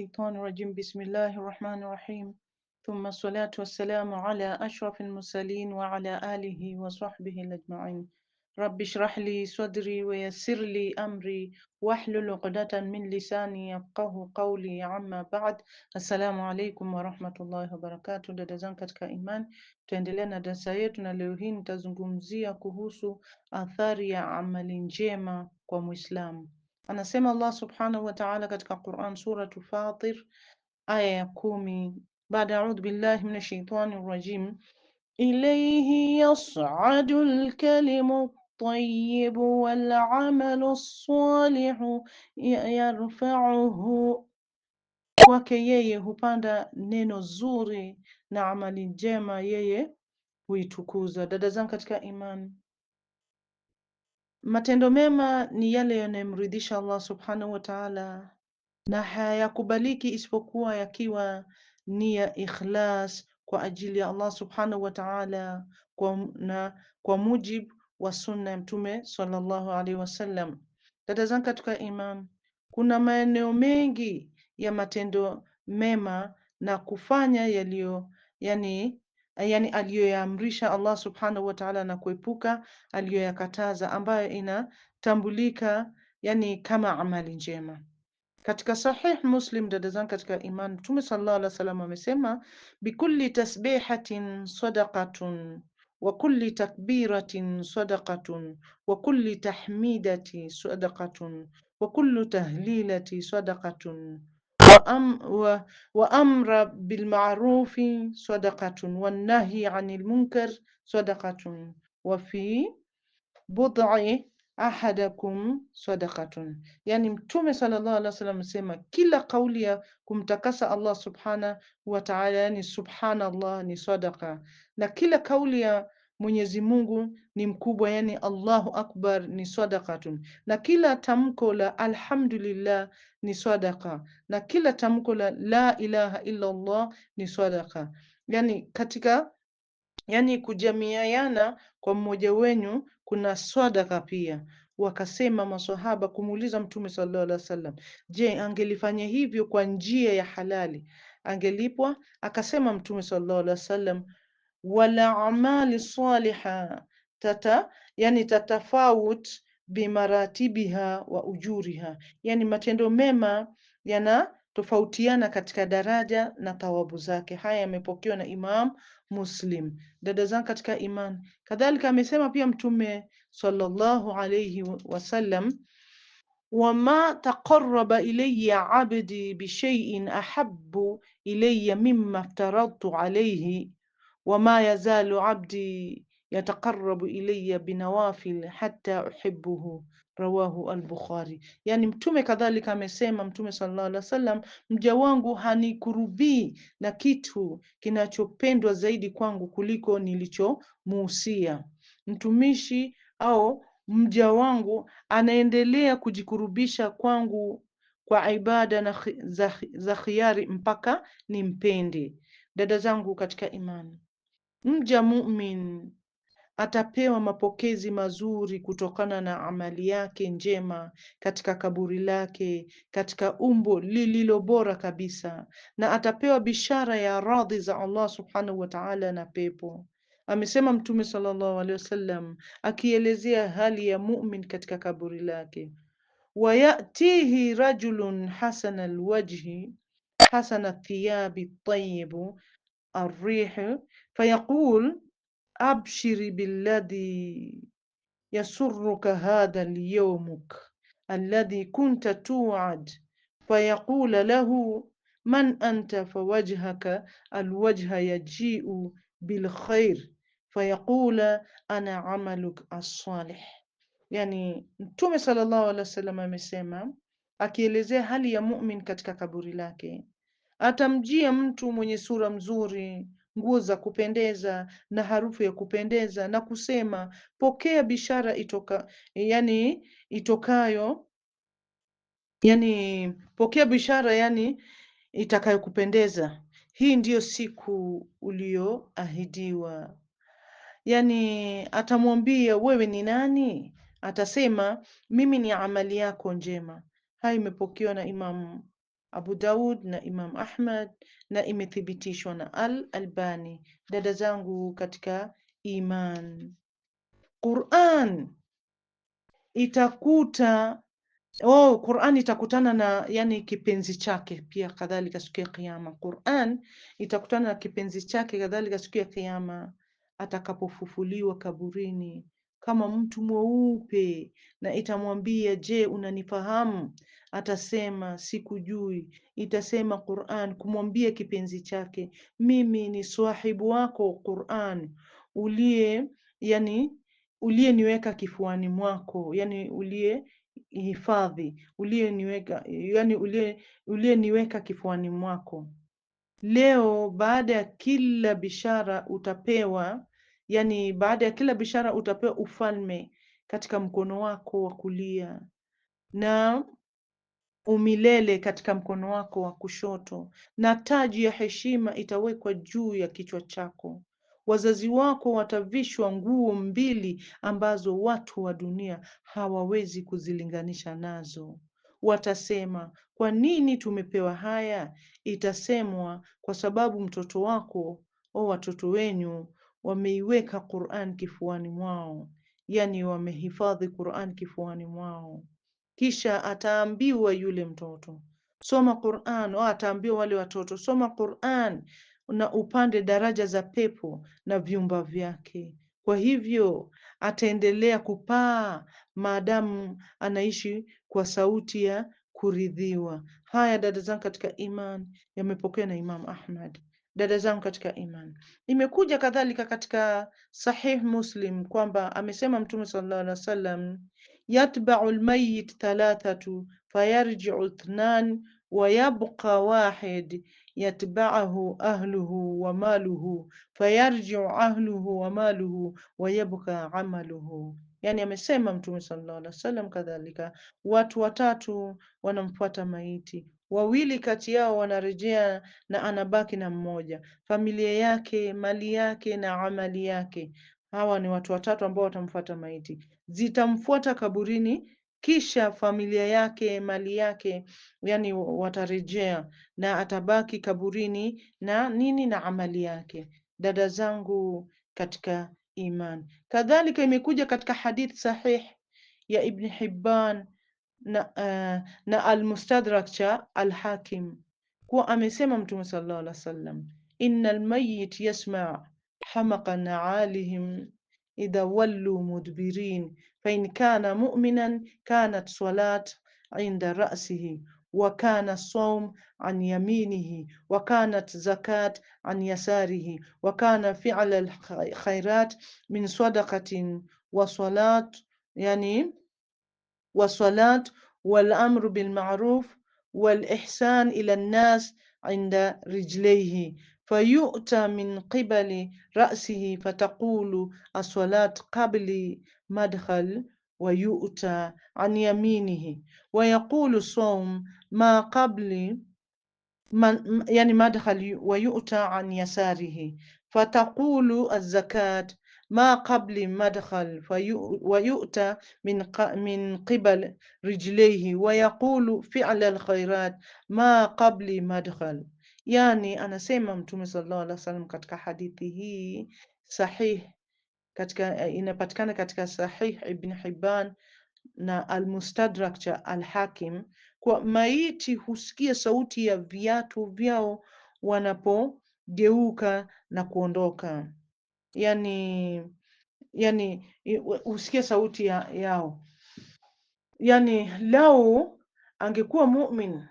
shaitani rajim bismillahi rahmani rahim thumma salatu wassalamu ala ashrafil mursalin wa ala alihi wa sahbihi ajmain rabbi shrah li sadri wa yassir li amri wahlul uqdatan min lisani yafqahu qawli amma ba'd assalamu alaikum wa rahmatullahi wa dada zangu katika imani tutaendelea na darasa yetu na leo hii nitazungumzia kuhusu athari ya amali njema kwa muislamu Anasema Allah subhanahu wa ta'ala katika Quran suratu Fatir aya ya kumi baada audhu billahi min ashaitani rajim ilayhi yas'adu lkalimu tayibu walamalu salihu yarfauhu, kwake yeye hupanda neno zuri na amali njema yeye huitukuza. Dada zangu katika imani Matendo mema ni yale yanayomridhisha Allah subhanahu wa ta'ala, na hayakubaliki isipokuwa yakiwa ni ya ikhlas kwa ajili ya Allah subhanahu wa ta'ala, kwa, na kwa mujibu wa sunna ya Mtume sallallahu alaihi wasallam. Dada zangu katika iman, kuna maeneo mengi ya matendo mema na kufanya yaliyo yani Eh, yani aliyoyaamrisha Allah subhanahu wa ta'ala na kuepuka aliyoyakataza, ambayo inatambulika yani kama amali njema. Katika Sahih Muslim, dada zangu katika iman, Mtume sallallahu alaihi wasallam amesema, bikulli tasbihatin sadaqatun wa kulli takbiratin sadaqatun wa kulli tahmidati sadaqatun wa kullu tahlilati sadaqatun wa amra bilmarufi sadaqatun wanahyi anil munkar sadaqatun wa fi bud'i ahadakum sadaqatun, yani Mtume sallallahu alaihi wasallam amesema kila kauli ya kumtakasa Allah subhana wa ta'ala, yani subhanallah ni sadaqa, na kila kauli ya Mwenyezi Mungu ni mkubwa, yani Allahu akbar ni sadaqatun, na kila tamko la alhamdulillah ni sadaqa, na kila tamko la la ilaha illa Allah ni sadaqa. Yani katika yani kujamiana kwa mmoja wenu kuna sadaqa pia. Wakasema maswahaba kumuuliza Mtume sallallahu alaihi wasallam, je, angelifanya hivyo kwa njia ya halali angelipwa? Akasema Mtume sallallahu alaihi wasallam wala saliha tata yani tatafawut bimaratibiha wa ujuriha, yani matendo mema yanatofautiana katika daraja na thawabu zake. Haya yamepokewa na Imam Muslim. Dada zangu katika imani, kadhalika amesema pia Mtume sallallahu alayhi wasallam wama taqaraba ilayya abdi bishay'in ahabbu ilayya mimma aftaradtu alayhi wama yazalu abdi yataqarabu ilayya binawafil hata uhibbuhu rawahu al-Bukhari. Yani mtume kadhalika amesema mtume sallallahu alaihi wasallam, mja wangu hanikurubii na kitu kinachopendwa zaidi kwangu kuliko nilichomuhusia mtumishi au mja wangu anaendelea kujikurubisha kwangu kwa ibada na za, za khiari mpaka nimpende. Dada zangu katika imani, Mja mumin atapewa mapokezi mazuri kutokana na amali yake njema katika kaburi lake katika umbo lililo bora kabisa, na atapewa bishara ya radhi za Allah subhanahu wa ta'ala na pepo. Amesema Mtume sallallahu alaihi wasallam akielezea hali ya mumin katika kaburi lake, wayatihi rajulun hasana lwajhi hasana thiyabi tayibu الريح فيقول أبشري بالذي يسرك هذا اليومك الذي كنت توعد فيقول له من أنت فوجهك الوجه يجيء بالخير فيقول أنا عملك الصالح يعني mtume صلى الله عليه وسلم أكيلزي هل يا مؤمن katika kaburi Atamjia mtu mwenye sura mzuri, nguo za kupendeza na harufu ya kupendeza, na kusema, pokea bishara itoka, yani itokayo, yani pokea bishara, yani itakayokupendeza. Hii ndiyo siku uliyoahidiwa. Yani atamwambia wewe ni nani? Atasema mimi ni amali yako njema. Haya imepokewa na Imamu Abu Daud na Imam Ahmad na imethibitishwa na Al Albani. Dada zangu katika iman, Quran itakuta oh, Quran itakutana na yani kipenzi chake pia kadhalika siku ya Kiyama. Quran itakutana na kipenzi chake kadhalika siku ya Kiyama atakapofufuliwa kaburini kama mtu mweupe, na itamwambia je, unanifahamu? Atasema sikujui. Itasema Qur'an kumwambia kipenzi chake, mimi ni swahibu wako Qur'an, uliye yani uliyeniweka kifuani mwako, yani uliye hifadhi uliyeniweka yani uliye uliyeniweka kifuani mwako. Leo baada ya kila bishara utapewa yani baada ya kila bishara utapewa ufalme katika mkono wako wa kulia na umilele katika mkono wako wa kushoto, na taji ya heshima itawekwa juu ya kichwa chako. Wazazi wako watavishwa nguo mbili ambazo watu wa dunia hawawezi kuzilinganisha nazo. Watasema, kwa nini tumepewa haya? Itasemwa, kwa sababu mtoto wako au watoto wenyu wameiweka Qur'an kifuani mwao, yani wamehifadhi Qur'an kifuani mwao. Kisha ataambiwa yule mtoto soma Qur'an, au oh, ataambiwa wale watoto soma Qur'an na upande daraja za pepo na vyumba vyake. Kwa hivyo ataendelea kupaa maadamu anaishi kwa sauti ya kuridhiwa. Haya dada zangu katika iman, yamepokea na Imam Ahmad dada zangu katika imani. Imekuja kadhalika katika Sahih Muslim kwamba amesema Mtume sallallahu alaihi wasallam, yatbau lmayit thalathatu fayarjiu ithnan wayabqa wahid yatbaahu ahluhu wa maluhu fayarjiu ahluhu wa maluhu wayabqa amaluhu. Yani amesema Mtume sallallahu alaihi wasallam kadhalika, watu watatu wanamfuata maiti wawili kati yao wanarejea na anabaki na mmoja, familia yake, mali yake na amali yake. Hawa ni watu watatu ambao watamfuata maiti, zitamfuata kaburini, kisha familia yake, mali yake, yani watarejea na atabaki kaburini na nini na amali yake. Dada zangu katika iman, kadhalika imekuja katika hadith sahih ya Ibn Hibban na al almustadrak cha al-hakim kuwa amesema Mtume sallallahu alaihi wasallam, al mayyit yasma hamaqa naalihim idha wallu mudbirin fa in kana mu'minan kanat salat inda ra'sihi wa kana sawm an yaminihi wa kanat zakat an yasarihi wa kana al-khairat min sadaqatin wa salat yani والصلاة والأمر بالمعروف والإحسان إلى الناس عند رجليه فيؤتى من قبل رأسه فتقول الصلاة قبل مدخل ويؤتى عن يمينه ويقول الصوم ما قبل من يعني مدخل ويؤتى عن يساره فتقول الزكاة ma qabli madkhal wayuta min, min qibal rijlaihi wayaqulu fila lkhairat ma qabli madkhal. Yani anasema Mtume sallallahu alaihi wasallam katika hadithi hii sahih katika, inapatikana katika Sahih Ibn Hibban na Almustadrak cha Alhakim kwa maiti husikia sauti ya viatu vyao wanapogeuka na kuondoka yani yani usikie sauti ya, yao. Yani lau angekuwa mumin,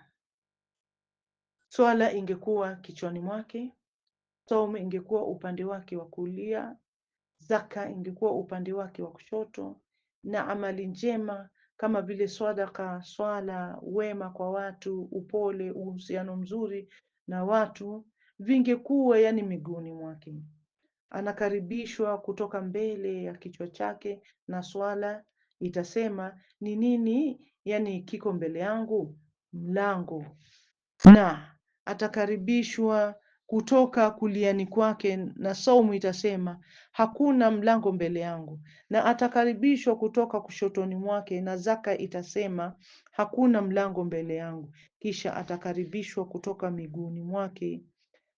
swala ingekuwa kichwani mwake, saumu ingekuwa upande wake wa kulia, zaka ingekuwa upande wake wa kushoto, na amali njema kama vile swadaka, swala, wema kwa watu, upole, uhusiano mzuri na watu vingekuwa yani miguuni mwake anakaribishwa kutoka mbele ya kichwa chake, na swala itasema ni nini, yani kiko mbele yangu mlango, na atakaribishwa kutoka kuliani kwake, na saumu itasema hakuna mlango mbele yangu, na atakaribishwa kutoka kushotoni mwake, na zaka itasema hakuna mlango mbele yangu, kisha atakaribishwa kutoka miguuni mwake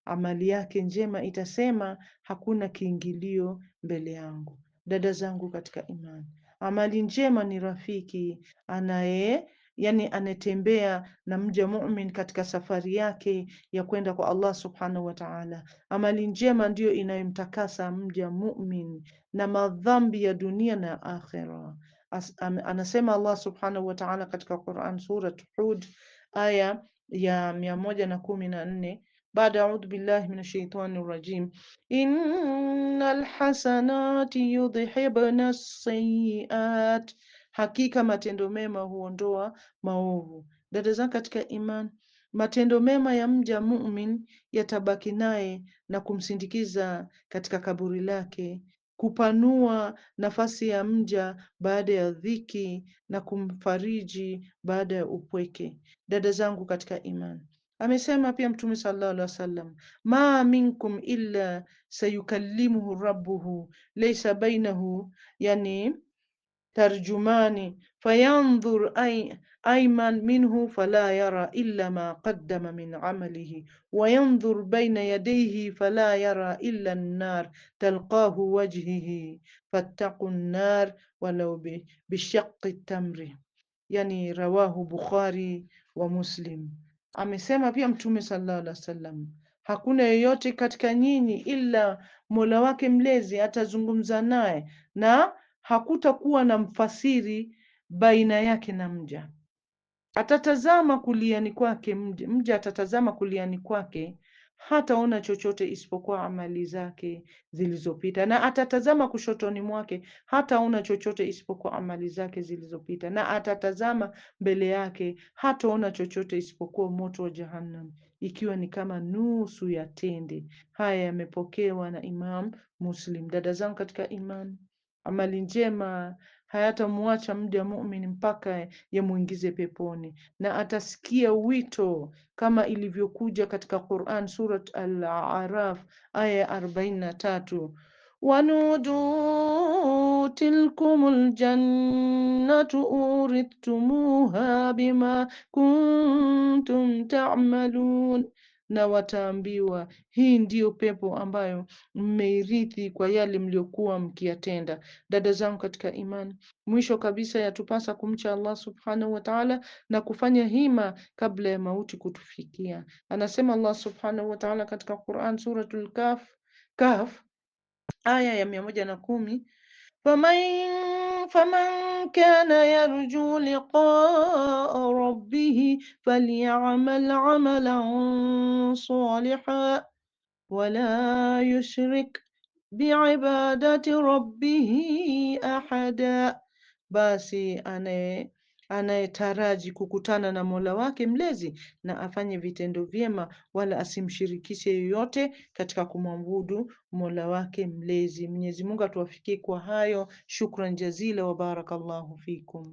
amali yake njema itasema hakuna kiingilio mbele yangu. Dada zangu katika imani, amali njema ni rafiki anaye yani anatembea na mja mumin katika safari yake ya kwenda kwa Allah subhanahu wa ta'ala. Amali njema ndiyo inayomtakasa mja mumin na madhambi ya dunia na akhira. As, anasema Allah subhanahu wa ta'ala katika Quran sura Hud aya ya mia moja na kumi na nne baada ya audhu billahi minashaitani rajim, innal hasanati yudhhibna as-sayyi'at, hakika matendo mema huondoa maovu. Dada zangu katika iman, matendo mema ya mja mumin yatabaki naye na kumsindikiza katika kaburi lake, kupanua nafasi ya mja baada ya dhiki na kumfariji baada ya upweke. Dada zangu katika iman amesema pia Mtume sallallahu alaihi wasallam, ma minkum illa sayukallimuhu rabbuhu laysa bainahu yani tarjumani fayandhur ay, ayman minhu fala yara illa ma qaddama min amalihi wayanzur bayna yadayhi fala yara illa an-nar talqahu wajhihi fattaqu an-nar walau bishaqqi tamri yani rawahu Bukhari wa Muslim Amesema pia Mtume sallallahu alaihi wasallam, hakuna yeyote katika nyinyi ila Mola wake mlezi atazungumza naye na hakutakuwa na mfasiri baina yake na mja. Atatazama kuliani kwake mja, mja atatazama kuliani kwake, hataona chochote isipokuwa amali zake zilizopita, na atatazama kushotoni mwake, hataona chochote isipokuwa amali zake zilizopita, na atatazama mbele yake, hataona chochote isipokuwa moto wa Jahannam, ikiwa ni kama nusu ya tende. Haya yamepokewa na Imam Muslim. Dada zangu katika imani, amali njema hayatamwacha mja mumin mpaka yamwingize peponi, na atasikia wito kama ilivyokuja katika Quran Surat Al-Araf aya ya arobaini na tatu wanudu tilkum ljannatu urithtumuha bima kuntum ta'malun ta na wataambiwa hii ndiyo pepo ambayo mmeirithi kwa yale mliokuwa mkiyatenda. Dada zangu katika imani, mwisho kabisa yatupasa kumcha Allah subhanahu wa ta'ala na kufanya hima kabla ya mauti kutufikia. Anasema Allah subhanahu wa ta'ala katika Quran suratul Kaf, Kaf aya ya mia moja na kumi فمن فمن كان يرجو لقاء ربه فليعمل عملا صالحا ولا يشرك بعبادة ربه أحدا باسي أنا anayetaraji kukutana na Mola wake mlezi na afanye vitendo vyema, wala asimshirikishe yoyote katika kumwabudu Mola wake mlezi. Mwenyezi Mungu atuwafikie kwa hayo. Shukran jazila wa barakallahu fikum.